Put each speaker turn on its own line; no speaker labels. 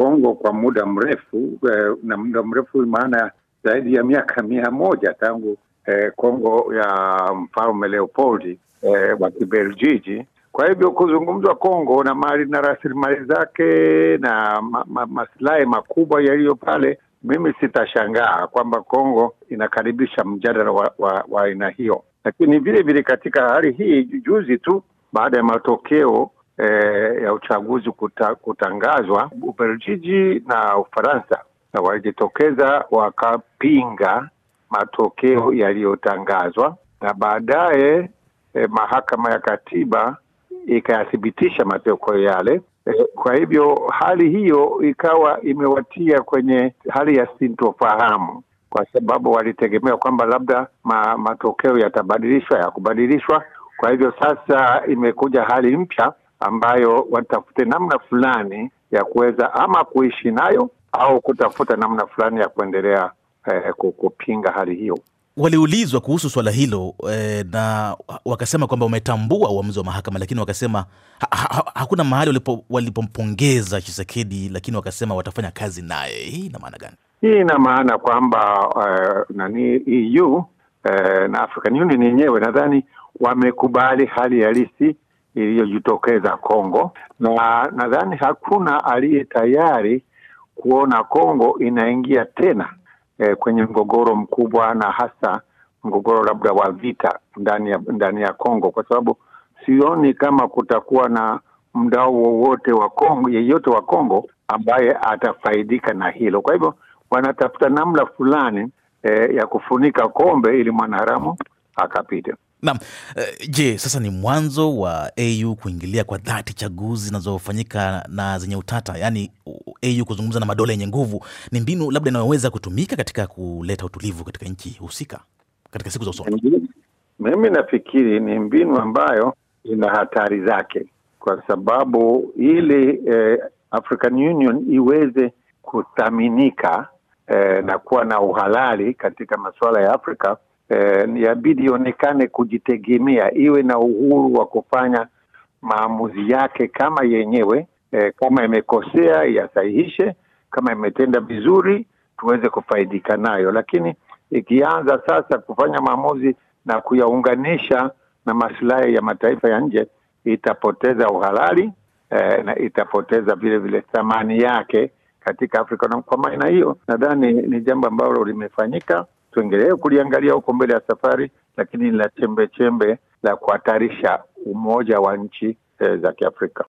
Kongo kwa muda mrefu eh, na muda mrefu maana zaidi ya miaka mia moja tangu eh, Kongo ya mfalme Leopoldi eh, wa Kibeljiji. Kwa hivyo kuzungumzwa Kongo na mali na rasilimali zake na ma, ma, masilahi makubwa yaliyo pale, mimi sitashangaa kwamba Kongo inakaribisha mjadala wa aina hiyo, lakini vile vile katika hali hii, juzi tu baada ya matokeo e, ya uchaguzi kuta, kutangazwa, Ubelgiji na Ufaransa walijitokeza wakapinga matokeo yaliyotangazwa, na baadaye e, mahakama ya katiba ikayathibitisha matokeo yale. E, kwa hivyo hali hiyo ikawa imewatia kwenye hali ya sintofahamu, kwa sababu walitegemea kwamba labda ma, matokeo yatabadilishwa ya kubadilishwa. Kwa hivyo sasa imekuja hali mpya ambayo watafute namna fulani ya kuweza ama kuishi nayo au kutafuta namna fulani ya kuendelea eh, kupinga hali hiyo.
Waliulizwa kuhusu swala hilo eh, na wakasema kwamba wametambua uamuzi wa mahakama, lakini wakasema ha ha hakuna mahali walipompongeza Chisekedi, lakini wakasema watafanya kazi naye. Hii ina
maana gani? Hii ina maana kwamba uh, nani EU eh, na African Union yenyewe nadhani wamekubali hali halisi iliyojitokeza Kongo, na nadhani hakuna aliye tayari kuona Kongo inaingia tena e, kwenye mgogoro mkubwa na hasa mgogoro labda wa vita ndani ya ndani ya Kongo, kwa sababu sioni kama kutakuwa na mdao wowote wa Kongo yeyote wa Kongo ambaye atafaidika na hilo. Kwa hivyo wanatafuta namna fulani e, ya kufunika kombe ili mwanaharamu akapita
nam Uh, eh, je, sasa ni mwanzo wa AU kuingilia kwa dhati chaguzi zinazofanyika na zenye utata, yaani AU kuzungumza na madola yenye nguvu? Ni mbinu labda inayoweza kutumika katika kuleta utulivu katika nchi husika katika siku za usoni?
Mimi nafikiri ni mbinu ambayo ina hatari zake, kwa sababu ili eh, African Union iweze kuthaminika eh, na kuwa na uhalali katika masuala ya Afrika eh, yabidi ionekane kujitegemea, iwe na uhuru wa kufanya maamuzi yake kama yenyewe eh, kama imekosea yasahihishe, kama imetenda vizuri tuweze kufaidika nayo, lakini ikianza sasa kufanya maamuzi na kuyaunganisha na masilahi ya mataifa ya nje itapoteza uhalali eh, na itapoteza vile vile thamani yake katika Afrika. Na kwa maana hiyo, nadhani ni jambo ambalo limefanyika tuendelee kuliangalia huko mbele ya safari, lakini la chembe chembe la kuhatarisha umoja wa nchi e, za Kiafrika.